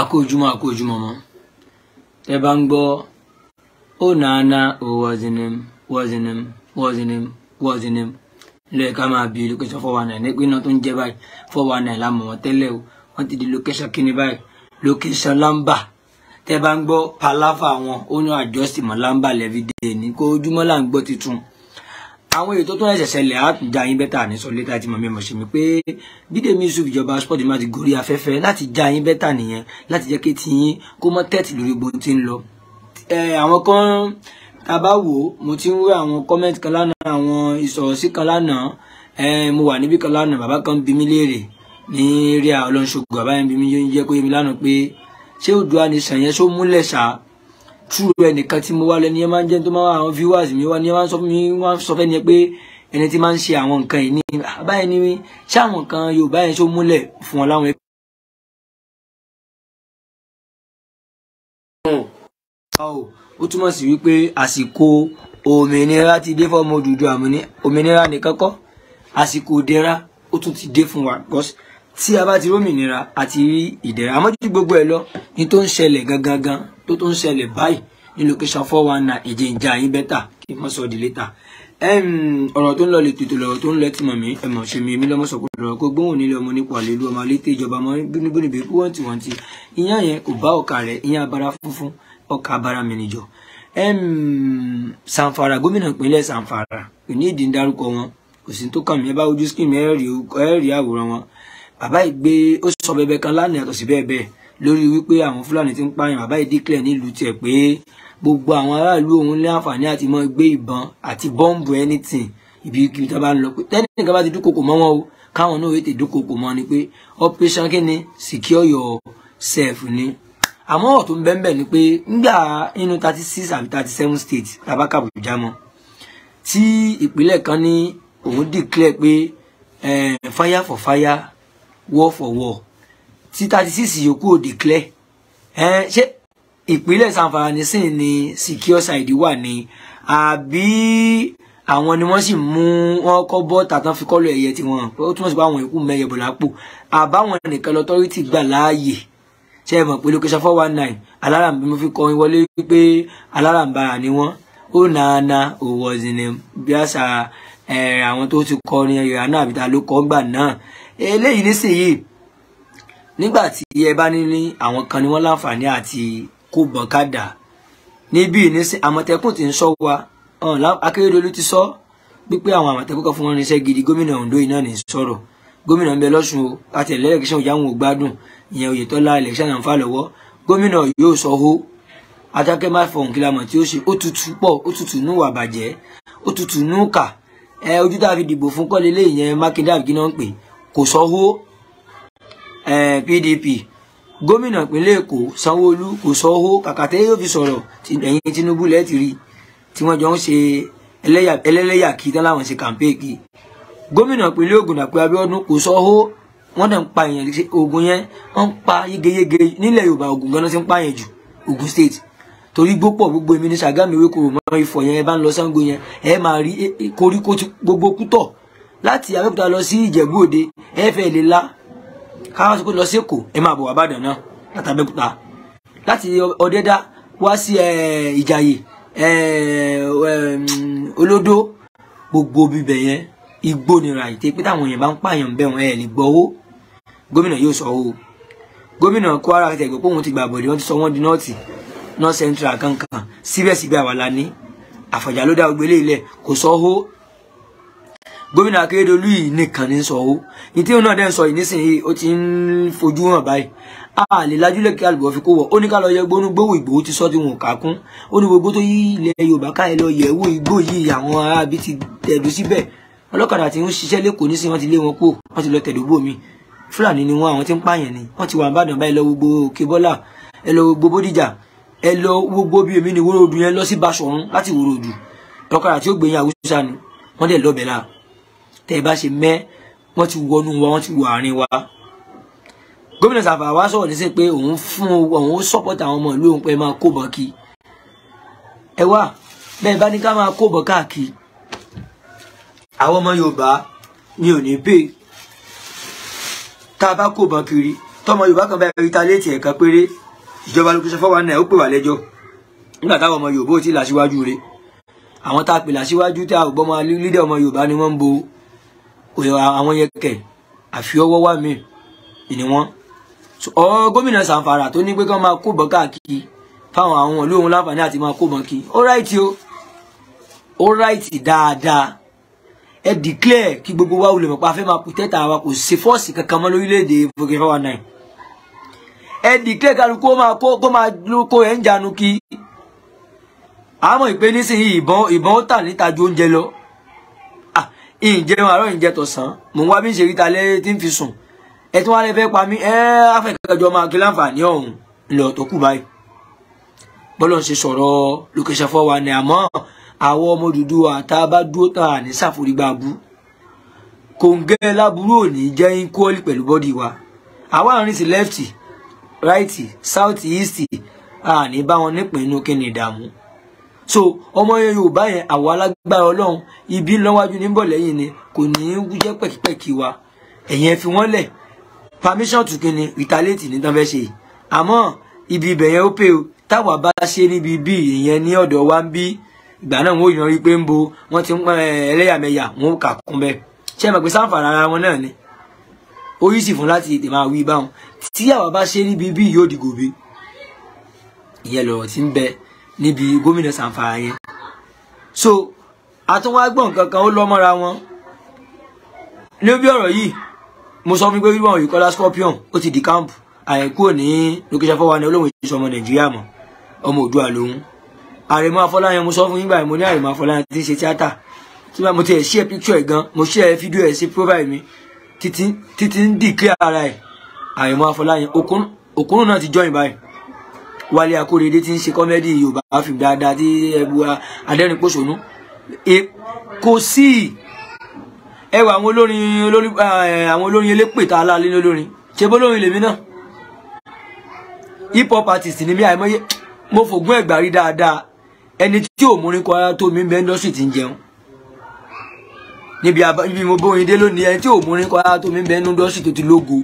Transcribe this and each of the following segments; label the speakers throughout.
Speaker 1: akójúmọ́ akójúmọ́ mọ́ tẹ bá ń gbọ́ ó nàánà ó wọ́zinim wọ́zinim wọ́zinim wọ́zinim lóye ká máa bi location four one nine nígbà iná tó ń jẹ́ báyìí four one nine wọn tẹ́lẹ̀ o wọ́n ti di location kíní báyìí location lamba tẹ bá ń gbọ́ palafa wọn ó ní àjọsìmọ̀ lamba lẹ́fídẹ́ẹ̀ ní kó ojúmọ́ là ń gbọ́ titun àwọn ètò tó ẹsẹ̀ ṣẹlẹ̀ àtúndà yín bẹ́tà ní sọ létà tí màmí ọmọọṣẹ́ mi pé Bídèmí Yusuf ìjọba sport máa ti gorí afẹ́fẹ́ láti já yín bẹ́tà nìyẹn láti jẹ́ kí tiyín kó mọ́ tẹ́tì lórí gbogbo tí ń lọ. àwọn kan tá a bá wò ó mo ti ń wé àwọn kọ́mẹ́ǹtì kan lánàá àwọn ìsọ̀rọ̀sí kan lánàá mo wà níbí kan lánàá bàbá kan bí mi léèrè ní rí àwọn ọlọ́nṣogbo àbáyẹn bí mi yẹ kó yẹ mi lánàá pé ṣé Oòduà nìṣàn yẹn ṣó múlẹ̀ ṣáá true ẹnìkan tí mo wá lẹ́ni ẹ máa ń jẹ́ tó máa wá àwọn viewers mi wá ni ẹ máa ń sọ mi wá sọ fẹ́ ni pé ẹni tí máa ń ṣe àwọn nǹkan yìí ní ah, báyìí ni ṣé àwọn nǹkan Yorùbá yẹn ṣó múlẹ̀ fún wọn láwọn ẹgbẹ́. Hmm. ó túmọ̀ sí wípé àsìkò òmìnira ti dé fọ́mọ Odùduwà àmọ́ ní òmìnira nìkan kọ́ àsìkò ìdẹ̀ra ó tún ti dé fún wa because tí a bá ti rómìnira àti ìdẹ̀ra àmọ́ ju gbogbo ẹ̀ lọ ní tó ń ṣẹlẹ̀ gangan tó tó ń ṣẹlẹ̀ báyìí ní location four one nine èjì ìjà yín bẹ́tà kí n mọ̀ sọ di létà ọ̀rọ̀ tó ń lọ lè tètè lọ̀rọ̀ tó ń lọ tìmọ̀ mí ẹ̀mọ̀ ṣe mi èmi lọ́mọ sọ̀kò lọ̀rọ̀ kó gbóhùn nílé ọmọ nípa àlelu ọmọ alété ìjọba ọmọ bínibínibi kú wọ́n ti ti ìyá yẹn kò bá ọ̀kà bàbá yìí gbé ó sọ bẹbẹ kan lánàá yàtọ̀ sí bẹ́ẹ̀ bẹ́ẹ̀ lórí wípé àwọn fúlàní ti ń pààyàn bàbá yìí díklẹ̀ nílùú tiẹ̀ pé gbogbo àwọn aráàlú òun ní àǹfààní àti mọ gbé ìbọn àti bọ́ǹbù anything ibi ibi tá a bá ń lọ pé tẹ́nìkan bá ti dúnkokò mọ́ wọn o káwọn náà ètè dúnkokò mọ́ ni pé operation kí ni secure yourself ni àmọ́ ọ̀tún bẹ́ẹ̀ ni pé ńgbà inú thirty six àbí thirty seven states tabaka Àbújá mọ́ tí ìpínlẹ̀ kan ní òun declare pé eh, fire for fire war for war tí thirty six yòókù ò declare ṣé ìpínlẹ̀ sanfara nísìnyí ni secure side wà ní àbí àwọn ni wọ́n sì mú wọn kọ́ bọ́ta tán fi kọ́lọ̀ ẹ̀yẹ tiwọn ó túmọ̀ sí pé àwọn ìkú mẹ́yẹ bọ̀ lápò àbáwọn nìkan lọ́tọ́rìtì gbà láàyè ṣe é mọ̀ pé location four one nine alárànbí mo fi kọrin wọlé wípé alárànbarà ni wọ́n ó nàánà òwò ọ̀sìn ní bí àṣà àwọn tó ti kọrin ìrànà àbíta ló kọ́ gbà náà eléyìí nísìnyí nígbà tí ẹ bá ní àwọn kan ni wọ́n láǹfààní àti kó bọ̀kadà níbí nísìn àmọ̀tẹ́kùn ti ń sọ wa akérèdọ́lù ti sọ pípé àwọn àmọ̀tẹ́kùn kan fún wọn níṣẹ́ gidi gómìnà Ondo iná ní sọ̀rọ̀ gómìnà ń bẹ lọ́sùn o àtẹ̀lẹ́ ẹ̀kíṣàn ìyá wọn ò gbádùn ìyẹn Oyètọ́lá ẹ̀lẹ́kíṣàn náà ń fà lọ́wọ́ gómìnà yóò sọ ó adákẹ́ má fọhùn kí la mọ̀ tí ó ṣe ó tutù pọ̀ ó tutù nú wà ó tutù nú kà ẹ ojú tá a fi dìbò fún kọ́lé lé ìyẹn Mákindé àbíkí ń pè é kò sanwó PDP gómìnà ìpínlẹ̀ Èkó Sanwó-Olú kò sanwó kàkàtẹ́ yóò fi sọ̀rọ̀ ẹ̀yìn Tinubu lẹ́ẹ̀tì rí tí wọ́n jọ ń ṣe ẹlẹ́lẹ́yà kí tán láwọn ṣe kàǹpé kí gómìnà ìpínlẹ̀ Ògùn Dàpọ̀ Abíọ́dún kò sanwó wọ́n dẹ̀ ń pa èèyàn Ògùn yẹn wọ́n ń pa yégeyége nílẹ̀ Yorùbá Ògùn gan-an ti ń pààyàn jù Ògùn State torí gbópọ̀ gbogbo èmi ní Ṣàgámù mọ́ Ifọ̀ yẹn ẹ bá ń lọ Ṣàngó yẹn ẹ máa rí koríko gbogbo kútọ̀ láti Abẹ́òkúta lọ sí Ìjẹ̀bú Òde ẹ fẹ́ lè la káwọn sọ pé lọ sí Èkó ẹ máa bọ̀ wá Ìbàdàn náà láti Abẹ́òkúta láti Ọ̀dẹ́dá wá sí Ìjàyè mm, olódó gbogbo bíbẹ̀ yẹn igbó nira ìtẹ́ pé táwọn èèyàn bá ń pààyàn bẹ́ẹ̀ wọn ẹ̀ lè gbọ́ owó gómìnà yóò sọ owó gómìnà Kwara tẹ̀ gbọ́ pé ti gbà bọ̀dẹ̀ wọ́n ti sọ wọ́n di nọ́ọ̀tì north central kankan síbẹ̀síbẹ̀ àwa la ní Àfọ̀njá ló dá gbélé ilẹ̀ kò sọ owó gómìnà akérèdọlù yìí nìkan ní sọ ó ìtí òun náà dẹ́n sọ yìí nísìnyí ó ti ń fojú hàn báyìí a lè lajúlẹ̀ kí alùpùpù fi kó wọ̀ ó ní ká lọ yẹ gbónú gbówó ìgbòho ti sọ ti wọn kà kún ó ní gbogbo tó yí ilẹ̀ yorùbá ká ẹ lọ yẹ̀ wò igbó yìí àwọn arábí ti tẹ̀dú síbẹ̀ ọlọ́kadà tí ń ṣiṣẹ́ lẹ́kọ̀ọ́ nísìnyí wọ́n ti lé wọn kó wọ́n ti lọ tẹ̀dú bòmí fúlàní ni wọn àwọn tí ń pààyàn ni wọ́n ti wà nìbàdàn báyìí lọ gbogbo òkè ẹ lọ gbogbo bódìjà ẹ lọ gbogbo bí èmi ni wòròdù yẹn lọ sí Basọ̀run láti wòròdù ọlọ́kadà tí ó gbẹ̀yìn àwùjọ sani wọ́n dẹ̀ lọ́bẹ̀ láà tẹ́ ẹ bá ṣe mẹ́ wọ́n ti wọnú wa wọ́n ti wọ àárín wa gómìnà Sàfà wa sọ̀rọ̀ ní sẹ́ pé òun fún òun ó sọ́pọ̀tà àwọn ọmọ ìlú òun pé máa kó bọ́n ẹ wá bẹ́ẹ̀ bá ní ká máa kó bọ́n káàkiri àwọn ọmọ Yorùbá ni ò ní pè tá a bá kó bọ́n kiri tọmọ Yorùbá kan bá rí ta létí ẹ̀ka péré ìjọba lókùsọ fọwọ́ náà ó pè wá lẹ́jọ́ nígbà táwọn ọmọ Yorùbá ò tí ì làṣíwájú rẹ̀ àwọn tá a pè làṣíwájú tá a ò gbọ́ ọmọ lídẹ́ ọmọ Yorùbá ni wọ́n ń bo àwọn yẹn kẹ àfi ọwọ́ wà mí ni wọ́n ọ gómìnà Zamfara tó ní pé kán máa kó bọ́ káàkiri fáwọn àwọn ìlú òun láǹfààní àti máa kó bọ́ kí ó ráìtì o ó dáadáa ẹ dìklẹ̀ kí gbogbo wa olè mọ̀pá fẹ́ máa protect àwa kò sí fọ́ọ̀sì kankan mọ́ lórílẹ̀‐èdè fòkè fáwọn náà ẹ dìklẹ̀ kálukú ó máa kó kó máa kó ẹ̀ ń janu kí àmọ́ ìpè nísìnyí ìbọn ìbọn ó tà níta ju oúnjẹ lọ ìjẹun àárọ̀ ìjẹ tọ̀sán mò ń wá bí ń ṣe rí ta lẹ́yìn tí ń fi sùn ẹ tí wọ́n á lè fẹ́ pa mí ẹ afẹ́kẹ́jọ máa kí láǹfààní ọ̀hún lọ tó kù báyìí bọ́lọ̀ ń ṣe sọ̀rọ̀ lókèṣà wa ni àmọ́ àwọn ọmọ dúdú àtàbá dúró tà ní sàforígbà bú kòǹgẹ́ láburú òní jẹ́ ń kọ́ọ̀lì pẹ̀lú bọ́dì wa àwa àárín sí lẹ́fìtì ráìtì sáùtì íìsì àní bá wọn nípìn kí ni ìdààmú so ọmọ yorùbá yẹn àwọn alágbára ọlọ́run ibi lọ́wájú níbọ̀ lẹ́yìn ni kò ní í jẹ́ pẹ̀kípẹ̀kí wa ẹ̀yẹn fi wọ́n lẹ̀ permission to ni retaliate ní tán fẹ́ ṣe àmọ́ ibi ibẹ̀ yẹn ó pé o táwa bá ṣe níbi bí ìyẹn ní ọ̀dọ̀ wa ń bí ìgbà náà wọn ò yan rí pé ń bo wọn ti ń pọn ẹlẹ́yàmẹ̀yà wọn ò kà kún bẹ́ẹ̀ ṣé mọ̀ pé sáǹfààní ara wọn náà ni ó yí sì fún láti tètè wí báwọn tí àwa bá ṣe níbi bí yóò dìgò bí ìyẹn lọ̀rọ̀ ti ń bẹ́ẹ̀ níbi gómìnà sàǹfàrà so àtúnwá gbọ̀n kankan ó lọ́mọ́ra wọn níbi ọ̀rọ̀ yìí mo sọ fún pé wíwọ̀n òyìnkọ́lá scorpion ó ti di camp àyẹ̀kú òní location four one ní olóhùn ìṣọ́ ọmọ nàìjíríà mọ́ ọmọ òdua lòun àrèmọ afọláyàn mo sọ fún yín báyìí mo ní àrèmọ afọláyàn ti ń ṣe tíátà tí mo ti ẹ̀ ṣí ẹ picture ẹ̀ gan mo ṣí ẹ fídíò ẹ̀ sí profile mi títí ń dìklẹ́ ara ẹ̀ àrèmọ afọláyàn òkúrùn náà ti join báyìí Wálé Akóredé tí ń ṣe kọ́mẹ́dì Yorùbá fi dáadáa tí ẹbu adẹ́rìn pòṣónú e, kò sí ẹ wà àwọn olórin olórin àwọn olórin elépè tá a láàlé ṣe bó lórin lèmi náà hip hop artist ni mí àìmọye mo fògùn ẹ̀gbà rí dáadáa ẹni tí ò múrin kọ ara tó mi ń bẹ industry ti ń jẹun níbi mo bóyin dé lónìí ẹni tí ò múrin kọ tó mi bẹ industry tó ti lógo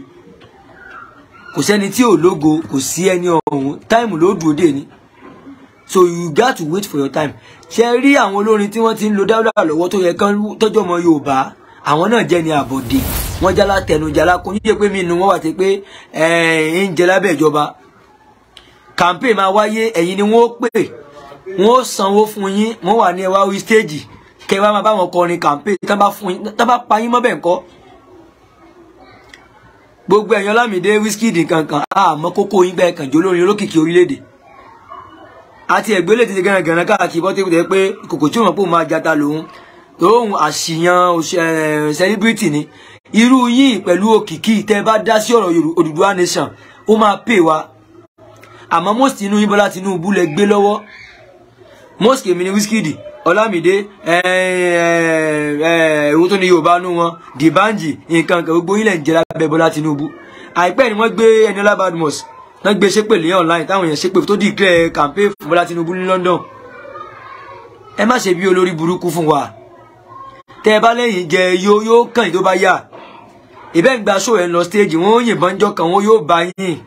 Speaker 1: kò sẹ́ni tí ò lógo kò sí ẹni ọ̀hún táìmù ló dúró dé ni so you got to wait for your time ṣe rí àwọn olórin tí wọ́n ti ń lo dáúdà lọ́wọ́ tó yẹ kán tọ́jọ́ ọmọ Yorùbá àwọn náà jẹ́ ni àbọ̀dé wọ́n jálá tẹnujàlá kò yíyẹ pé mi nu wọ́n wà tí pé ẹ̀ẹ́n ń jẹ lábẹ́ ìjọba campaign máa wáyé ẹ̀yin ni wọ́n pè wọ́n sanwó fún yín wọ́n wà ní ẹwà orí stéèjì kẹwàá máa bá wọn kọrin campaign tán bá pa yín mọ́bẹ̀ nǹkan gbogbo ẹ̀yàn Lámìdé Wizkid kankan àmọ́ kókó yín gbẹ́ kànjó lórí olókìkí orílẹ̀-èdè àti ẹ̀gbẹ́lẹ̀ ti gẹ̀rẹ̀gẹ̀rẹ̀ káàkiri bọ́tẹ́ kùtẹ́ pé kòkò tí òun pò máa jata lòun lòun àṣìyàn celebrity ni irú yín pẹ̀lú òkìkí tẹ́ bá dá sí ọ̀rọ̀ Odùduwà nation ó máa pè wá àmọ́ most inú yín Bọ́lá Tinubu lẹ gbé lọ́wọ́ most èmi ni Wizkid ọlámìdé èwo eh, eh, eh, tó ní yorùbá nú wọn dìbànjì nǹkan kan gbogbo ilẹ̀ ń lábẹ́ bọ́lá tinubu àìpẹ́ ni wọ́n gbé Eniola Badmus wọ́n gbé ṣépèlé online táwọn èèyàn ṣépè tó dìklẹ̀ campaign fún bọ́lá tinubu ní london ẹ má ṣe bí olórí burúkú fún wa tẹ́ ẹ bá lẹ́yìn jẹ yóò yóò kàn yín tó bá yà ìbẹ́ ń gba ṣó ẹ̀ lọ stage wọ́n yìnbọn jọ kàn wọ́n yóò bá yín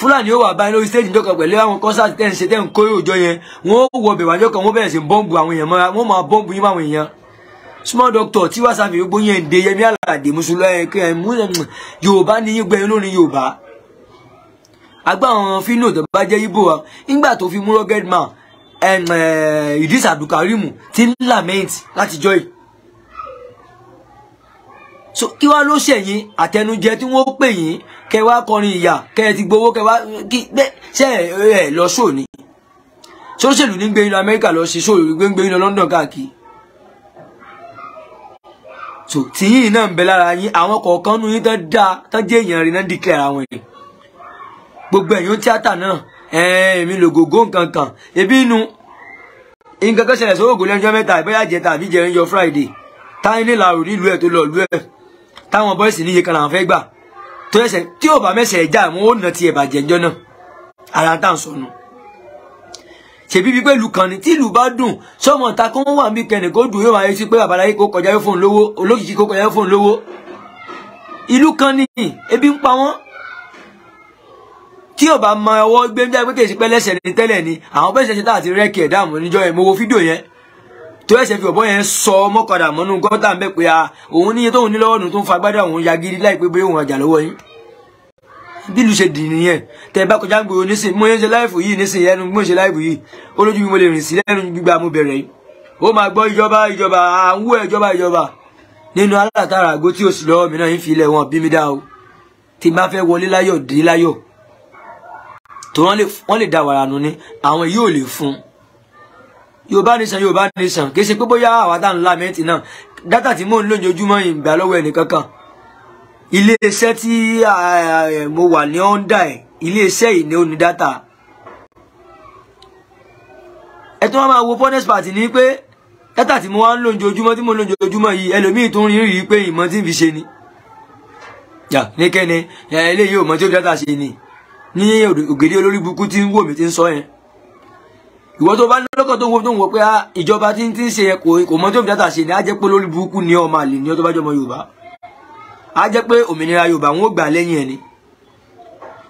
Speaker 1: fúlàní ó wà báyìí lórí stage ìjọkan pẹ̀lú àwọn concert tẹ́ ń ṣe tẹ́ ń kórè òjọ yẹn wọ́n ó wọ bẹ̀rẹ̀ àjọkan wọ́n bẹ̀rẹ̀ sí bọ́ǹbù àwọn èèyàn mọ́ra wọ́n máa bọ́ǹbù yín máwọn èèyàn small doctor tí wàá sàfihàn gbogbo yẹn ń de yẹmí àlàdé mùsùlùmí yorùbá ni yín gbẹ̀yìn lónìí yorùbá agbá àwọn fínú tó bá jẹ́ ibo wa nígbà tó fi mú rugged man ìdís abdulkarim ti ń lament látijọ́ yìí so kí wá ló ṣẹ̀yìn àtẹnujẹ tí wọ́n pè yín kẹ wá kọrin ìyà kẹ ti gbowó kẹ wá kí bẹ́ẹ̀ ṣe ẹ lọ ṣò ni ṣóṣèlú ní gbé yín lọ Amẹ́ríkà lọ ṣe ṣòlù gbé yín lọ London káàkiri so tìyìn náà ń bẹ lára yín àwọn kọ̀ọ̀kan nu yín tán dá tán jẹ́ èèyàn rí náà dìklẹ̀ àwọn èèyàn gbogbo ẹ̀yìn tíátà náà èmi lògògó nǹkan kan ebi inú nǹkan kan ṣẹlẹ̀ sówògò lẹ́nu ọjọ́ mẹ́ta ìbáyà jẹta àbí jẹrin yọ Friday táyé nílà òrí ìlú ẹ̀ tó lọ ìlú ẹ̀ táwọn bọ́ìsì níye kan làwọn fẹ́ gbà tó ẹsẹ̀ tí ò bá mẹ́sẹ̀ já àwọn ó nà tiẹ̀ bàjẹ́ ńjọ́ náà ara tá à ń sọnù ṣèbí bíi pẹ̀lú kan ní tí ìlú bá dùn sọ́mọ ta kó wọ́n wà níbi kẹ́ni kó dùn yóò máa yẹ sí pé babaláyé kó kọjá yóò fóun lówó olókìkí kó kọjá yóò fóun lówó ìlú kan ní ebi ń pa wọ́n tí ò bá mọ ọwọ́ gbé ń jẹ́ pé kèsì pẹ́ lẹ́sẹ̀ ní tẹ́lẹ̀ ni àwọn bẹ́sẹ̀ ṣe tá àti rẹ́kì ẹ̀dá àmọ́ níjọ́ tó ẹsẹ̀ fi ọ̀bọ yẹn sọ mọ́kadà mọ́nú gọ́tà mbẹ́ pé a òun níye tóun ní lọ́wọ́ nù tó ń fa gbádà òun ya gidi láìpẹ́ bóyá òun àjà lọ́wọ́ yín bílù ṣe dì nìyẹn tẹ bá kọjá gbòòrò nísìn mo yẹn ṣe láìfù yìí nísìn ẹnu mo ṣe láìfù yìí olójú mi mo lè rìn sí lẹ́nu gbígbà mo bẹ̀rẹ̀ yìí ó máa gbọ́ ìjọba ìjọba àwú ìjọba ìjọba nínú alátara àgó tí o sì lọ́wọ́ mi náà ń fi ilẹ̀ wọn bí mi dá o tí n bá fẹ́ wọlé láyọ̀ dé láyọ̀ tó wọ́n lè dá wàrà nù ni àwọn yìí ò lè fún un yorùbá nation yorùbá nation kì í ṣe pé bóyá àwa tá à ń lámẹ́ǹtì náà dátà tí mò ń lò lójoojúmọ́ ìgbà lọ́wọ́ ẹnìkankan iléeṣẹ́ tí mo wà ní ọ́ndà ẹ̀ iléeṣẹ́ yìí ni ó ní dátà ẹ tó máa wo furnace party ni pé dátà tí mo wá ń lójoojúmọ́ tí mo ń lójoojúmọ́ yìí ẹlòmíì tó rí rí pé ìmọ̀ tí ń fi ṣe ni yà ní kẹ́ni eléyìí ò mọ̀ tí ó fi dátà ṣe ni ní ògèdè olórí burúkú tí ń wò mí ti ń sọ yẹn ìwọ tó bá lọ́kàn tó ń wo tó ń wọ pé ah, ìjọba tí ń ti ń ṣe yẹn kò mọ tó ń dáta ṣe ni á jẹ́ pé lórí burúkú ni ọmọ àlè ni ọ tó bá jọmọ Yorùbá á jẹ́ pé òmìnira Yorùbá wọn ò gbà lẹ́yìn ẹni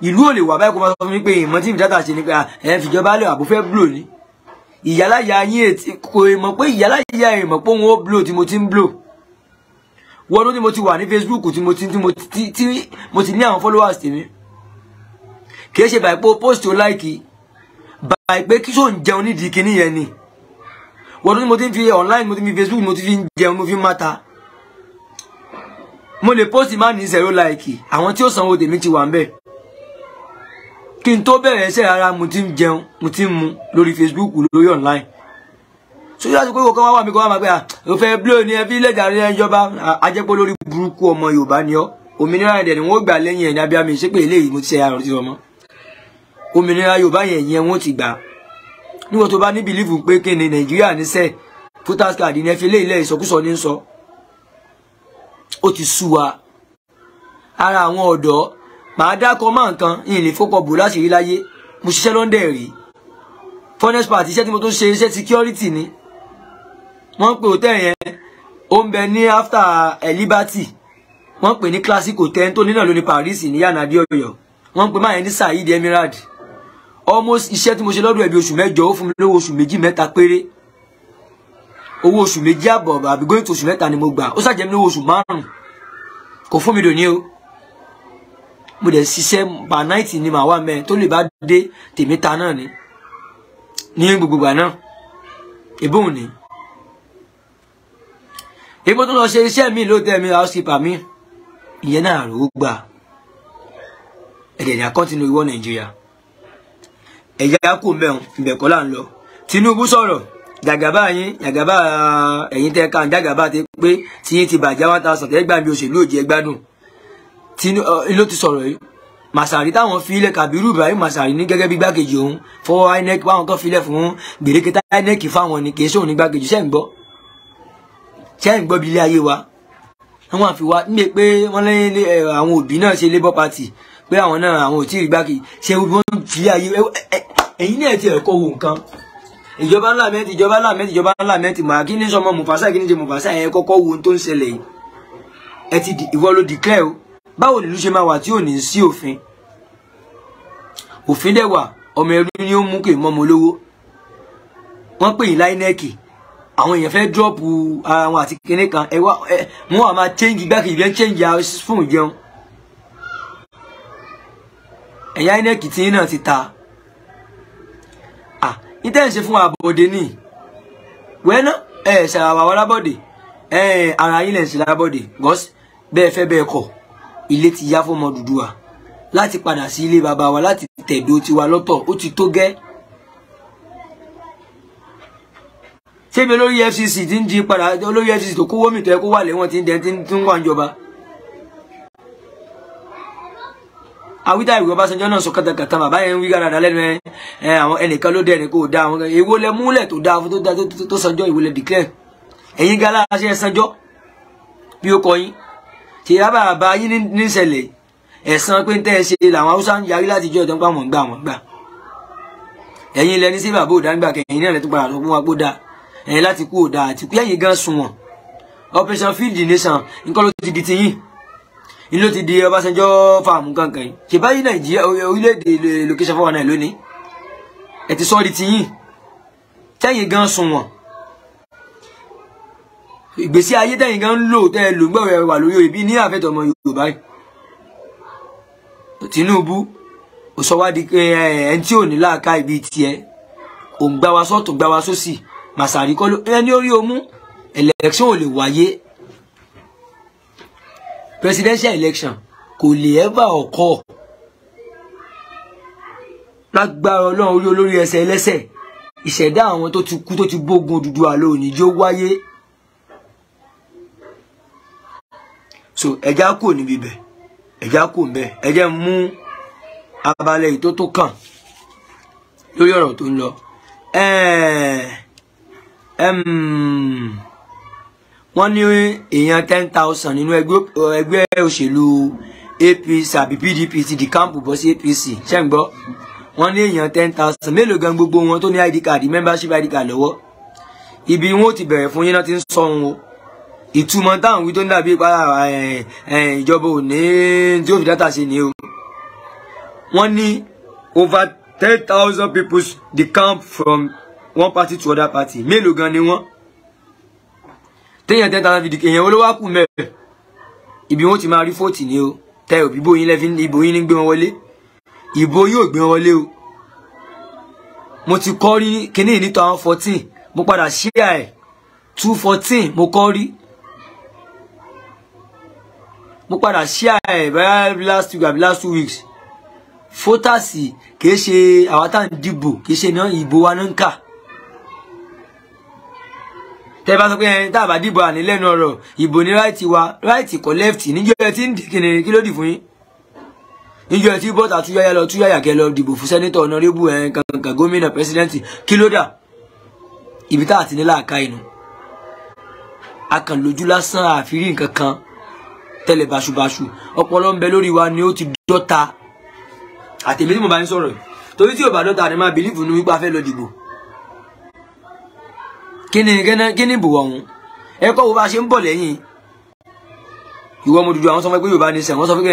Speaker 1: ìlú ò lè wà báyìí kó máa sọ fún mi pé ìmọ̀ tí ń dáta ṣe ni pé ah, ẹ̀ ń fìjọba lè àbúfẹ́ blò ni ìyálàyà yín ètí kò mọ̀ pé ìyálàyà ẹ̀ mọ̀ pé òun ó blò tí mo ti ń blò wọ́n ló ní mo ti wà ní Facebook tí mo ti ní báyìí pé kí sóun jẹun nídìí kinní yẹn ni wọ́n tún mo ti fi online mo ti ń fi facebook mo ti fi jẹun mo fi ń máta mo lè post má ní zero like àwọn tí ó sanwó tèmi ti wà ń bẹ̀ kí n tó bẹ̀rẹ̀ ẹsẹ̀ rárá mo ti jẹun mo ti mu lórí facebook lórí online sójú àti pé kòkan wá wà mí kọ́ máa pé à ah, fẹ́ blow ni ẹbí lẹ́jà rẹ̀ ń jọba ajẹ́pọ̀ ah, lórí burúkú ọmọ yorùbá ni ọ́ òmìnira ẹ̀dẹ̀ ni wọ́n gbà lẹ́yìn ẹ̀ ní abiyamọ ìṣépè eléyìí mo ti ṣe àrùn ọmọ òmìnira yorùbá yẹn yẹn wọ́n ti gbà níwọ̀n tó bá ní bìlífù pé kí ni nàìjíríà níṣẹ́ voters card ní ẹfi léèlẹ́ ìsọkúsọ ní sọ ó ti sú wa ara àwọn ọ̀dọ́ màá dákọ̀ mọ́ nǹkan yìí lè fọ́kọ̀ bò láṣìírí láyé mo ṣiṣẹ́ lọ́ndẹ̀ rí foreign party iṣẹ́ tí mo tún ṣe iṣẹ́ security ni wọ́n ń pè hotel yẹn ó ń bẹ ní after liberty wọ́n ń pè ní classic hotel tó ní náà ló ní paris ní yànnà adéọyọ wọ́n ń pè máa yẹn ní saheed emirate almost iṣẹ́ tí mo ṣe lọ́dún ẹ̀ bí oṣù mẹ́jọ ó fún mi lówó oṣù méjì mẹ́ta péré owó oṣù méjì àbọ̀ àbí going to oṣù mẹ́ta ni mo gbà ó ṣàjẹ́ mi lówó oṣù márùn kò fún mi dòní o mo dẹ̀ ṣiṣẹ́ bà náìtì ni màá wà mẹ́ tó lè bá dé tèmi ta náà ni ní gbogbo ìgbà náà ìbóhùn ni èmi tó lọ ṣe iṣẹ́ mi lóòótọ́ mi housekeeper mi ìyẹn náà rò ó gbà ẹ̀dẹ̀dẹ̀ àkọ́ntínú ìwọ Nàìjíríà ẹ̀yà kò mẹ́rin ìbẹ̀kọ́ là ń lọ Tinubu sọ̀rọ̀ jàgàbá yín jàgàbá ẹ̀yin tẹ́ kan jàgàbá ti pé tí yín ti bàjẹ́ one thousand ẹgbàá mi òṣèlú òjì ẹgbàdùn ló ti sọ̀rọ̀ yìí Masari táwọn filẹ̀ Kabiru Ibrahim Masari ní gẹ́gẹ́ bí gbákejì òun fọwọ́ INEC báwọn kan filẹ̀ fún gbèrèkè tá INEC fáwọn ni kì í sóhun ní gbákejì sẹ́ ń gbọ́ sẹ́ ń gbọ́ bí ilé ayé wa wọ́n àfi wa ń gbé pé wọ́n lẹ́yìn àwọn òbí náà ṣe Labour Party pé àwọn náà àwọn ò tí ì rí gbákejì ṣe wọ́n fi ayé ẹ̀yin náà ti ẹ̀kọ́ wo nǹkan ìjọba ńlá mẹ́tì ìjọba ńlá mẹ́tì ìjọba ńlá mẹ́tì mà kí ní sọmọ mufasa kí ní ṣe mufasa ẹ̀ kọ́kọ́ wo tó ń ṣẹlẹ̀ yìí ẹ ti ìwọ ló declare o báwo nìlú ṣe máa wà tí ò ní sí òfin òfin dẹ̀ wà ọmọ ẹrú ni ó mú kè mọ́ ọmọ olówó wọ́n pè yín láínẹ́ẹ̀kì àwọn èèyàn fẹ́ dúrọ́pù ara ah, wọn àti kinní kan ẹ wá ẹ wọ́n wà máa change igbákejì bẹ́ẹ̀ change fóun ah, jẹun ẹ̀yà INEC tí náà ti ta ah níta ẹ̀ ń ṣe fún àbòdè ní wẹ́nà ẹ̀ ṣàwàwà wà lábọ̀dè ẹ̀ ara yín lẹ̀ ń ṣe lábọ̀dè gọ́sì bẹ́ẹ̀ fẹ́ bẹ́ẹ̀ kọ̀ ilé ti yá fọmọ Odùduwà láti padà sí ilé bàbá wa láti tẹ̀dó tiwa lọ́tọ̀ ó ti tó gẹ́ ṣé mi olórí EFCC ti ń jí padà olórí EFCC tó kówó mi tó yẹ kó wà lẹ́wọ̀n tí ń dẹ́ tí ń wà ń jọba awídà ìwé Ọbásanjọ́ náà sọ kátàkátà bàbá yẹn ń wí gàdàdà lẹ́nu ẹ àwọn ẹnìkan ló dé ẹnì kò dá àwọn èwo lẹ tó dá fún tó dá tó sanjọ́ ìwé lẹ dìklẹ ẹ̀yin gálá aṣẹ ẹ sanjọ́ bí ó kọ yín tìyá bàbá yín ní ìṣẹ̀lẹ̀ ẹ̀san pé ń tẹ ẹ ṣe làwọn haúsá ń yarí láti jọ ìdánpá wọn gbà wọn gbà ẹ̀yin lẹni sí bàbá òdà ńgbà kẹyìn náà lẹ tó padà sọ fún wa pé ó dáa ẹ̀yin láti kú òdà àti pé ẹ̀yin gan sunwọ̀n operation field nation nǹkan ló ti di tiyín ìlú ti di Ọbásanjọ́ fàmù kankan yìí ṣe báyìí Nàìjíríà orílẹ̀-èdè location fọwọ́ náà lónìí ẹ ti sọ́ọ́ di tiyín tẹ́yìn gan sùn wọ̀n ìgbésí ayé tẹ́yìn gan ń lò tẹ́ ẹ lò ń gbọ̀rọ̀ wà lórí òbí ní àfẹ́tọ̀ ọmọ Yorùbá Tinubu ò sọ wá di tí ò ní láàka ibi tiẹ̀ ò ń gbá wa màsàrí kọ́ ló ẹni orí omú election ò lè wáyé presidential election kò lè ẹ́bà ọ̀kọ́ lágbára ọlọ́run orí olórí ẹsẹ̀ ẹlẹ́sẹ̀ ìṣẹ̀dá àwọn tó ti kú tó ti gbógun Odùduwà ló ní jó wáyé so ẹja kò níbi bẹ̀ ẹja kò ń bẹ̀ ẹjẹ́ mú abalẹ̀ ètò tó kàn lórí ọ̀rọ̀ tó ń lọ ẹ̀ẹ́ ẹ̀ẹ́ wọ́n ní èèyàn ten thousand nínú ẹgbẹ́ òṣèlú APC àbí PDP ti di kámpù bọ́ sí APC ṣé ń gbọ́ wọ́n ní èèyàn ten thousand mélòó gan gbogbo wọn tó ní ID card membership ID card lọ́wọ́ ibi wọn ò ti bẹ̀rẹ̀ fún yín náà ti ń sọ wọn o ìtumọ̀ táwọn wí tó ń dàbí ipá ah, eh, eh, ìjọba ò ní tí ó fi dátà ṣe ni o wọ́n ní over ten thousand people camp from one party to other party mélòó gan ni wọ́n téèyàn ten thousand video èèyàn olówó kù mẹ́ẹ̀ ibi wọn ti máa rí fóòtì ni o tẹ òbí bóyin lẹ́fín ìbò yín ní gbé wọn wọlé ìbò yóò gbé wọn wọlé o mo ti kọ́ rí kíní ní two thousand fourteen mo padà ṣíà ẹ̀ two mo kọ́ rí mo padà ṣíà ẹ̀ last week last two weeks fótàsì kìí ṣe àwa tá à ń dìbò kìí wa náà tẹ bá sọ pé ẹni tá a bá dìbò àní lẹ́nu ọ̀rọ̀ ìbò ní ráìtì wa ráìtì kọ lẹ́fìtì níjọ́ ẹ ti ń dìkìnrin kí ló dì fún yín níjọ́ ẹ ti bọ́ta túyáyá lọ túyáyá kẹ lọ dìbò fún sẹ́nitọ̀ ọ̀nàrẹ́bù ẹ̀ eh, kankan gómìnà pẹ́sidẹ́ǹtì kí ló dà ibi tá a ti ní láàka inú a kàn lójú lásán àfírí nǹkan kan tẹ́lẹ̀ báṣubàṣu ọpọlọ ń bẹ lórí wa ni ó ti dọ́ta àtẹ̀mí tí mo bá ń sọ̀rọ̀ torí tí ò bá dọ́ta ni máa bìlífù nu wípé a fẹ́ lọ dìbò kíni kíni bùwọ̀ ọ̀hún ẹ kọ́ wo bá ṣe ń bọ̀ lẹ́yìn ìwọ ọmọ dúdú àwọn sọ fún pé yorùbá nation wọn sọ fún pé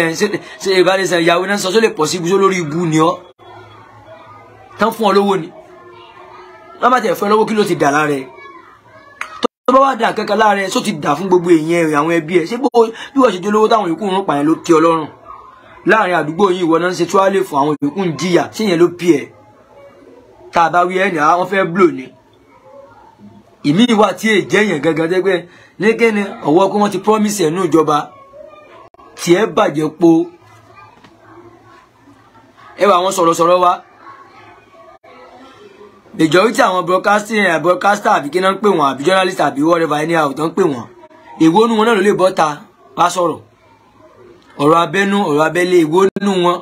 Speaker 1: ṣe yorùbá nation ìyàwó náà sọ tó lè pọ̀ sí ibùsọ lórí ibu ni ọ tán fún ọ lówó ni wọn bá tẹ fún ẹ lówó kí ló ti dà lára ẹ tó bá wà dà kankan lára ẹ só ti dà fún gbogbo èèyàn ẹ àwọn ẹbí ẹ ṣé bí wọn ṣe dolówó táwọn yòókù ń pa ló tẹ́ ọ láàrin àdúgbò yìí ìwọ náà ń ṣe tuwálé fún àwọn yòókù ń jìyà ṣé yẹn ló pì ẹ tá bá wí ẹ ní àwọn ah, fẹ́ blò ni ìmí ìwà tí èjẹyàn gangan dẹgbẹ nígbẹni ọwọ pé wọn ti promise ẹnu ìjọba tí ẹ bàjẹ́ po ẹ wà wọn sọ̀rọ̀sọ̀rọ̀ wa majority àwọn broadcasting ẹ eh, broadcaster àbí kí náà ń pè wọn àbí journalist àbí whatever ẹni àwùjọ ń pè wọn èwo nu wọn náà ló lè bọ́ ta bá sọ̀rọ̀ ọ̀rọ̀ abẹ́nú ọ̀rọ̀ abẹ́lé èwo nu wọn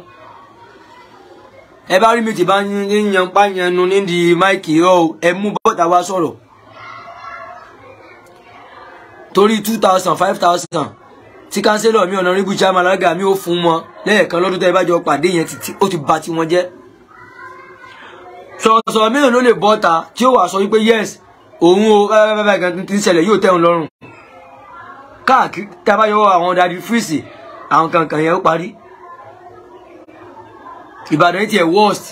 Speaker 1: ẹ bá rí mi tì bá ń yan pa yanu nídìí máìkì ọ ẹ mú bọ́ta wá sọ̀rọ̀ torí two thousand five thousand tí kánsílọ̀ mi ọ̀nà ríbu jama alága mi ò fún wọn lẹ́ẹ̀kan lọ́dún tẹ́ ẹ bá jọ pàdé yẹn ó ti bà tiwọn jẹ́ sọ̀rọ̀sọ̀rọ̀ mélòó ló lè bọ́ta tí ó wà sọ wípé yes òun o bábábábá kan ti ń ṣẹlẹ̀ yóò tẹ̀hún lọ́rùn káàkiri tá a bá yọwọ́ àwọn dadi fúrìsì àwọn kankan yẹn ó parí Ìbàdàn yìí tiẹ̀ worst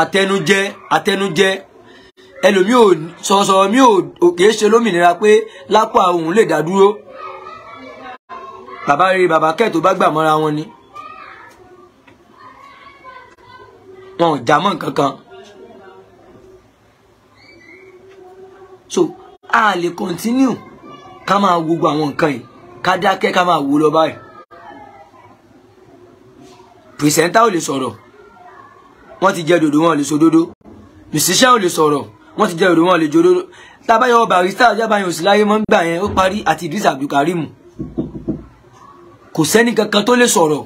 Speaker 1: àtẹnujẹ àtẹnujẹ ẹlòmí ò sọ̀rọ̀sọ̀rọ̀ mi ò kìí ṣe lómìnira pé lápá òun lè dá dúró bàbá rere bàbá kẹ́ẹ̀ tó bá gbà mọ́ra wọn ni wọn ò já mọ́ nǹkan kan so a lè continue ká máa wo gbogbo àwọn nǹkan yìí ká dákẹ́ ká máa wo lọ báyìí pìrìsẹ́ńtà ò lè sọ̀rọ̀ wọ́n ti jẹ dòdò wọn ò lè sọ dòdò musician ò lè sọ̀rọ̀ wọ́n ti jẹ́ òdò wọn lè jòdó tábáyọ̀ barista Àjàbáyọ̀ sí láyé mọ́ ń gbà yẹn ó parí àti Idris Abdulkarim kò sẹ́ni kankan tó lè sọ̀rọ̀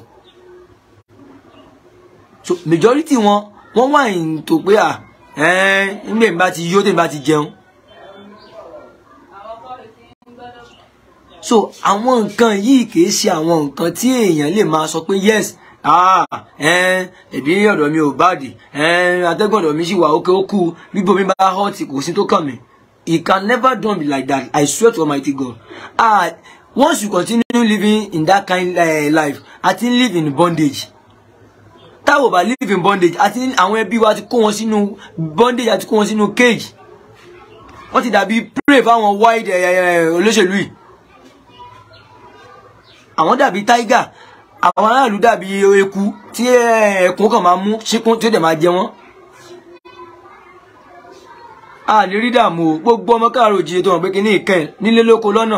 Speaker 1: so majority wọn wọ́n wà ní tó pé à ẹ́ẹ́n nígbà tí bá ti yó tèmi bá ti jẹun so àwọn nǹkan yìí kì í ṣe àwọn nǹkan tí èèyàn lè máa sọ pé yes ẹ̀bí ah, eh, ọ̀dọ̀ mi ò báàdì eh, atẹ́gùn ọ̀dọ̀ mi sì wà ókè ókú bíbo mi bá hot kò sí tó kàn mí He can never done be like that I swear to Almighty God ah once you continue living in that kind uh, life àti live in bondage táwọn bá live in bondage àti àwọn ẹbí wa ti kó wọn sínú bondage àti kó wọn sínú cage wọ́n ti dàbí pray fáwọn wide olóṣèlú yìí àwọn dàbí tiger àwọn aráàlú dàbí eku tí eh, ẹkùn kan máa mú síkún tí ó dẹ̀ máa jẹ wọ́n a lè rí dààmú o gbogbo ọmọ káàró òjijì tó mọ̀ pé kínní ìkẹyìn nílé lóko lọ́nà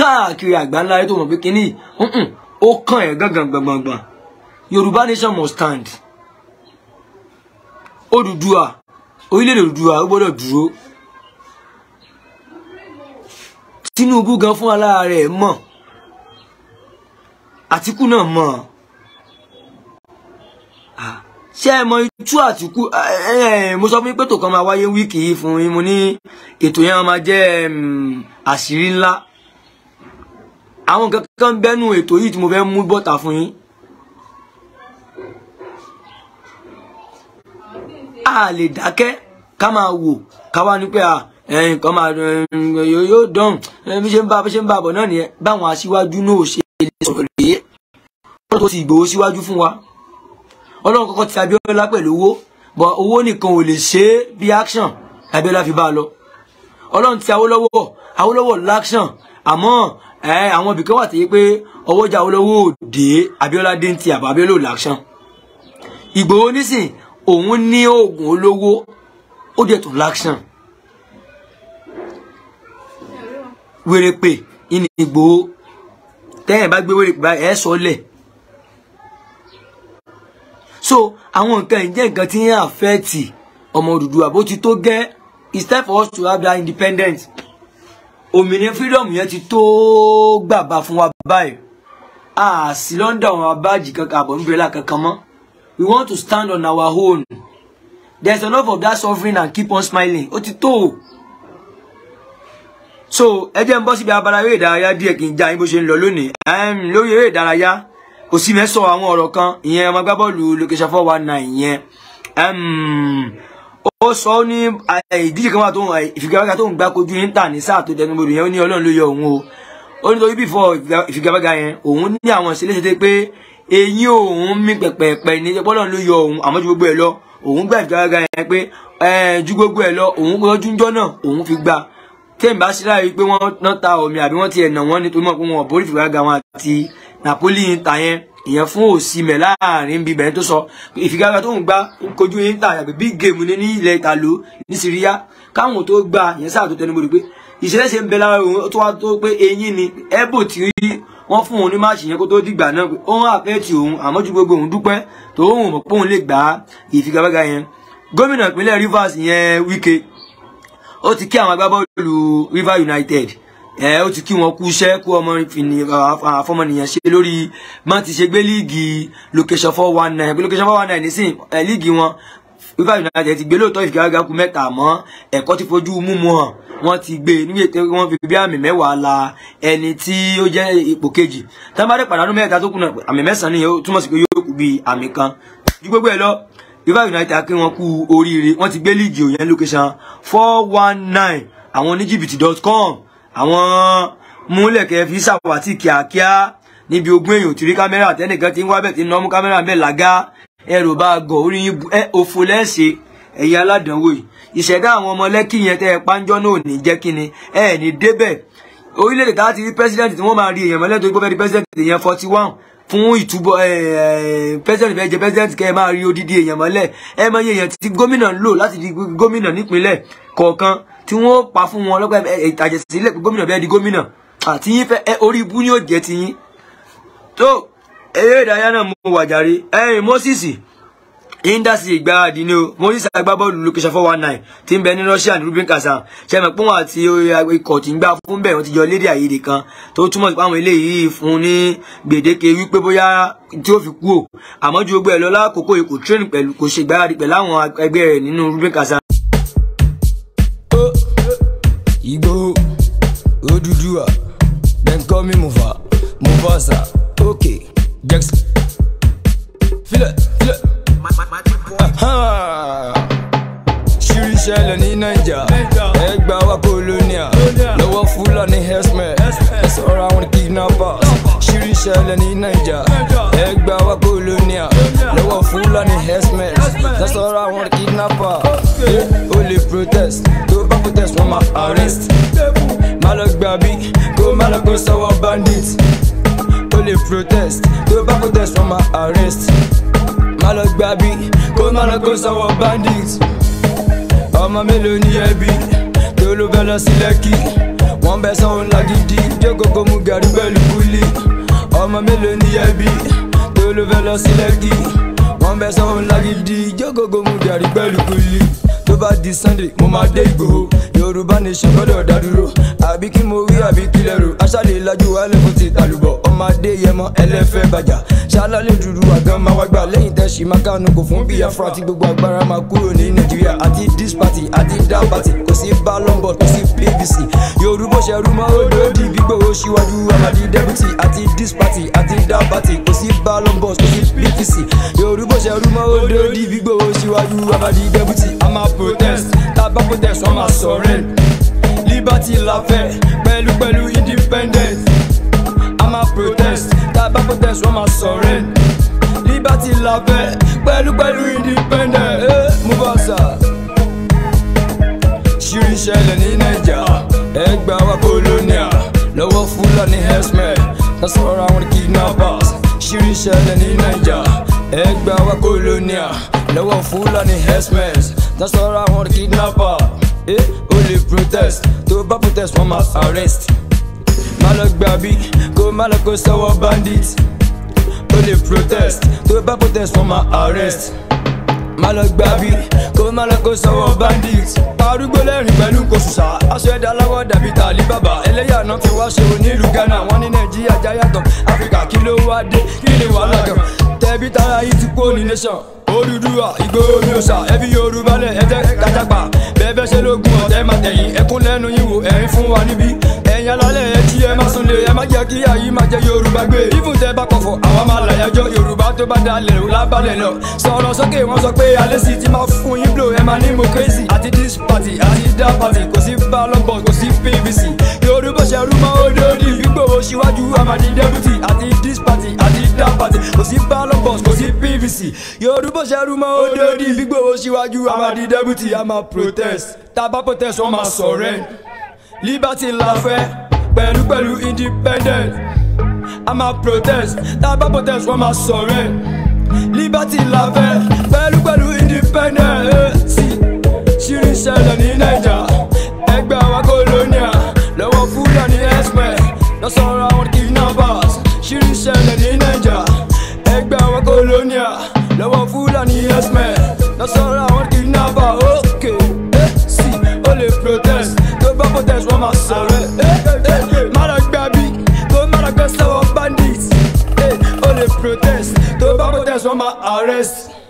Speaker 1: káàkiri àgbáńlá ayé tó mọ̀ pé kínní ó kàn ẹ̀ gángan gbàngbàngbàn Yorùbá nation must stand Odùduwà orílẹ̀-èdè Odùduwà ó gbọ́dọ̀ dúró Tinubu gan fún alára rẹ̀ mọ̀ Àtíkù náà mọ̀ ṣé ẹ mọ itú Àtíkù mo sọ fún yín pé tòkan máa wáyé wíìkì yìí fún yín mo ní ètò yẹn máa jẹ́ àṣírí ńlá àwọn nǹkan kan bẹ́nu ètò yìí tí mo fẹ́ mú bọ́ta fún yín. a lè dákẹ́ ká máa wò ká wá ní pé a ẹ̀yìn kan máa yóò dán bí ṣe ń bá bí ṣe ń bá bọ̀ náà nìyẹn báwọn aṣíwájú náà ṣe lè sọ̀rọ̀ yìí ọlọ́run tó ti Ìgbòho síwájú fún wa ọlọ́run kọ́kọ́ ti Abíọ́lá pẹ̀lú owó bọ̀ owó nìkan ò lè ṣe é bí action Abíọ́lá fi bá a lọ ọlọ́run ti Awólọ́wọ̀ Awólọ́wọ̀ l'action àmọ́ àwọn ibìkan wà tẹ́yẹ pé ọwọ́jà Awólọ́wọ̀ òde Abíọ́lá dé ń ti àbá Abíọ́lá l'action Ìgbòho nísìn òun ní oògùn olówó ó dẹ̀ tún l'action wèrèpè ìní Ìgbòho tẹ́yìn bá gbé wèrèpè báyìí ẹ̀ sọ́lẹ̀ so àwọn nǹkan ìjẹ́ nǹkan tí ń àfẹ́ẹ̀tì ọmọ Odùduwà bó ti tó gẹ́ it's time for us to have that independence òmìnira freedom yẹn ti tó gbàgbà fún wa báyìí a sì lọ́ndà àwọn abájì kankan àbọ̀ umbrella kankan mọ́ we want to stand on our own there's enough of that suffering and keep on smiling ó ti tó o so ẹ jẹ́ n bọ́ síbi abala eré ìdárayá díẹ̀ kí n já yín bó ṣe ń lọ lónìí lórí eré ìdárayá. Osimhen sọ àwọn ọ̀rọ̀ kan ìyẹn ọmọ agbábọ́ọ̀lù location four one nine yẹn ó sọ ó ní ìdíje kan wà tó ìfigagbága tó ń gbá kojú níta ní sáà tó dẹnu bodò yẹn ó ní ọlọ́run ló yọ òun o ó ní torí bífọ ìfigagbága yẹn òun ní àwọn ìṣẹ̀lẹ̀ ṣètè pé eyín òun mí pẹ̀pẹ̀pẹ̀ ní ọlọ́run ló yọ òun àmọ́ ju gbogbo ẹ̀ lọ òun gbà ìfigagbága yẹn pé ju gbogbo ẹ̀ lọ òun rọ́jú ńjọ́ náà òun fi gba tẹ́ǹbà síláà rí pé wọ́n ta omi àbí wọ́n ti ẹ̀nà wọn nítorí mọ̀ pé wọn ò borí ìfigagbága wọn àti Napoli Inter yẹn ìyẹn fún Osimhen láàrin bíbẹ̀ tó sọ ìfigagbá tó ń gbá kojú Inter yàgbẹ́ big game ní ní ilẹ̀ Italo ní Syria káwọn tó gbà yẹn sáà tó tẹnubodò pé ìṣẹ̀lẹ̀ ṣe ń bẹ lára òun tó wá tó pé eyín ni ẹ̀bù tí wọ́n fún òun ní máàṣì yẹn kó tó dìgbà náà pé òun àpẹ́ẹ̀tì òun àmọ́ ju gbogbo òun dúpẹ́ tó òun mọ̀ pé òun lè gbà ìfigagbága yẹn gómìnà ìpínlẹ̀ Rivers yẹn Wike ó ti kí àwọn agbábọ́ọ̀lù River United ẹ ó ti kí wọn kú iṣẹ́ kú ọmọ àfọmọnìyàn ṣe lórí má ti ṣe gbé líìgì location four one nine location four one nine nísìn líìgì wọn wíwá united ti gbé lóòótọ́ ìfigagbága kù mẹ́ta àmọ́ ẹ̀kọ́ ti fojú múmu hàn wọ́n ti gbé níbi ètò wọn fi bí àmì mẹ́wàá la ẹni tí ó jẹ́ ipò kejì tábàdé pàdánù mẹ́ta tó kùnà àmì mẹ́sàn-án nìyẹn túmọ̀ sí pé yóò kù bí àmì kan ju gbogbo ẹ̀ lọ wíwá united kí wọ́n kú oríire wọ́n ti gbé líìgì òyìn location four one nine àwọn oníjìbìtì dot com àwọn múlẹ̀kẹ́ fi ṣàwátì kíákíá níbi ogún èèyàn tí rí kámẹ́rà tẹ́nìkan ti ń wábẹ̀ tí ń nọ́mú kámẹ́rà mẹ́ làgá ẹrù bá gọ̀ orí yín ẹ òfò lẹ́sẹ̀ ẹ̀yà aládàánwò yìí ìṣẹ̀dá àwọn ọmọ lẹ́kì yẹn tẹ́ ẹ páńjọ́ náà ní jẹ́ kí ni ẹ ní débẹ̀ orílẹ̀-èdè tá a ti rí president tí wọ́n máa rí èèyàn mọ́lẹ́ tó gbọ́ fẹ́ di forty one fún ìtúbọ̀ pẹ́sidẹ́ǹtì fẹ́ jẹ pẹ́sidẹ́ǹtì kẹ́ ẹ máa rí odidi èèyàn mọ́lẹ̀ ẹ mọ iye èèyàn tí gómìnà ń lò láti di gómìnà nípínlẹ̀ kọ̀ọ̀kan tí wọ́n pa fún wọn lọ́pẹ́ àjẹsílẹ̀ gómìnà bẹ́ẹ̀ di gómìnà àti yín fẹ́ orí ibú ni ó jẹ́ ti yín tó eré ìdárayá náà mo wàjàre ẹ̀rìn Moses indasi ìgbáradì ni o Moses agbábọ́ọ̀lù lókèṣà four one nine tí ń bẹ ní Russia ní Rubin Kazan sẹ́mi pọ́n àti uh, ikọ̀ tí ń gbá fún bẹ́ẹ̀ wọ́n ti yọ lédè àìyedè kan tó túmọ̀ sí páwọn eléyìí fún ní gbèdéke wípé bóyá tí ó fi kú o àmọ́ ju gbogbo ẹ̀ lọ lákòókò yìí kò train pẹ̀lú kò ṣe ìgbáradì pẹ̀lú àwọn ẹgbẹ́ rẹ̀ nínú Rubin Kazan Igbo, Odudua, then call me Mufa, Mufasa, okay, Jackson. Feel it, feel it. Ṣírí ṣẹlẹ̀ ní Naija, ẹgbàá wa colonial, lọ́wọ́ Fúlàní herdsmen, ẹ̀sọ́ra wọn kidnappers orí ṣẹlẹ̀ ní naija ẹgbẹ́ wa kolonia lọ́wọ́ fúlàní herdsmen lọ́sọ̀rọ̀ àwọn kidnapper ó lè protest tó bá protest wọ́n máa arrest má lọ gbàbí kó má lọ kó sọ́wọ́ bandit ó lè protest tó bá protest wọ́n máa arrest má lọ gbàbí kó má lọ kó sọ́wọ́ bandit ọmọ mélòó ni ẹbí tó ló bẹ lọ sí lẹ́kì wọ́n bẹ sọ́hún lágídí jókòó kó mú gàrí pẹ̀lú kúlí ọmọ mélòó ni ẹbí tó ló fẹ́ lọ sí lẹ́kì wọ́n fẹ́ sanwó lágídí jókòó mu gàrí pẹ̀lú kùlì tó bá di Sunday mo máa dé Ìgbòho Yorùbá nation gbọ́dọ̀ dá dúró àbí kí mo wí àbí kí lẹ́rù aṣáálẹ̀ lajú alẹ́ mo ti tàlùbọ̀ ọmọdé yẹmọ ẹlẹ́fẹ́ bàjá ṣáálẹ̀ dúdú àgán máa wá gbà lẹ́yìn tẹ́ ṣì máa kánú kò fún Biafra àti gbogbo agbára máa kúrò ní Nàìjíríà àti this party àti that party kò sí ballonbọ̀ kò sí PVC Yorùbá ṣe rú mọ́ olódì gbígbó oṣìwájú amadi deputy àti this party àti that party kò sí ballonbọ̀ kò sí PVC Yorùbá ṣe rú mọ́ olódì gbígbó oṣìwájú amadi deputy a protest tá a protest wọ́n máa surrender liberty la fẹ́ pẹ̀lú pẹ̀lú independence a máa protest tá a bá protest wọ́n máa surrender liberty la fẹ́ pẹ̀lú pẹ̀lú independence eh, Mubasa ṣírí ṣẹlẹ̀ ní Naija ẹgbàá wa colonial lọ́wọ́ Fúlàní herdsmen tá a sọ̀rọ̀ àwọn kidnappers ṣírí ṣẹlẹ̀ ní Naija ẹgbàá wa colonial lọ́wọ́ Fúlàní herdsmen tá a sọ̀rọ̀ àwọn kidnappers. Eh, o protest to bá protest wọ́n máa arrest. Má baby, gbàbí kó má bandits. kó sọ́wọ́ bandit. protest tó bá protest wọ́n máa arrest. Má lọ gbàbí kó má lọ kó sọ́wọ́ bandit. Arúgbó lẹ́rìn pẹ̀lú kòṣùṣà. Aṣọ ẹ̀dá aláwọ̀ dàbí tàlí bàbà. Ẹlẹ́yà náà fi wá ṣe onílù Ghana. Wọ́n ní Nàìjíríà já yàtọ̀. Áfíríkà kí ló wá dé? Kí ni wàhálà gan? Tẹ̀bí tara yìí ti kó ní nation. Odùduwà ìgbé omi òòṣà ẹbí Yorùbá lẹ̀ ẹ̀jẹ̀ kájàgbà bẹ́ẹ̀ ṣe lógun ọ̀tẹ̀ máa tẹ̀yìn ẹkún lẹ́nu yín wò ẹ̀rín fún wa níbí ẹ̀yin alálẹ̀ ẹ jí ẹ má sunlé ẹ má jẹ́ kí ayé má jẹ́ Yorùbá gbé ìfún tẹ bá pọ̀fọ̀ àwa máa làyàjọ́ Yorùbá tó bá dalẹ̀ ò lábalẹ̀ lọ sọ̀rọ̀ sókè wọ́n sọ pé alẹ́ sì ti máa fún yín blow ẹ máa ní mo crazy àti this party àti that party kò sí ballonball kò sí pvc Yorùbá ṣẹ̀rú máa ó dé ó di this party àti that party APC yorùbá ṣẹ́rú mọ́ ó lórí síwájú a máa di deputy a máa protest tá a bá protest wọ́n máa sọ̀rẹ́ liberty la fẹ́ pẹ̀lú independent a máa protest tá a bá protest wọ́n máa sọ̀rẹ́ liberty la fẹ́ pẹ̀lú pẹ̀lú independent sí ṣírí ṣẹlẹ̀ ní nàìjà ẹgbẹ́ àwa colonial lọ́wọ́ fúlàní express lọ́sọ̀rọ̀ àwọn kidnappers ṣírí ní nàìjà. Colonia, Polonia, lọ́wọ́ Fulani herdsmen náà sọ̀rọ̀ àwọn okay? Eh, sí ó lè protest tó bá protest wọ́n máa sọ̀rọ̀ mára gbàbí tó mára gbẹ́sẹ̀ wọ́n bandits ó lè protest tó bá protest wọ́n máa arrest.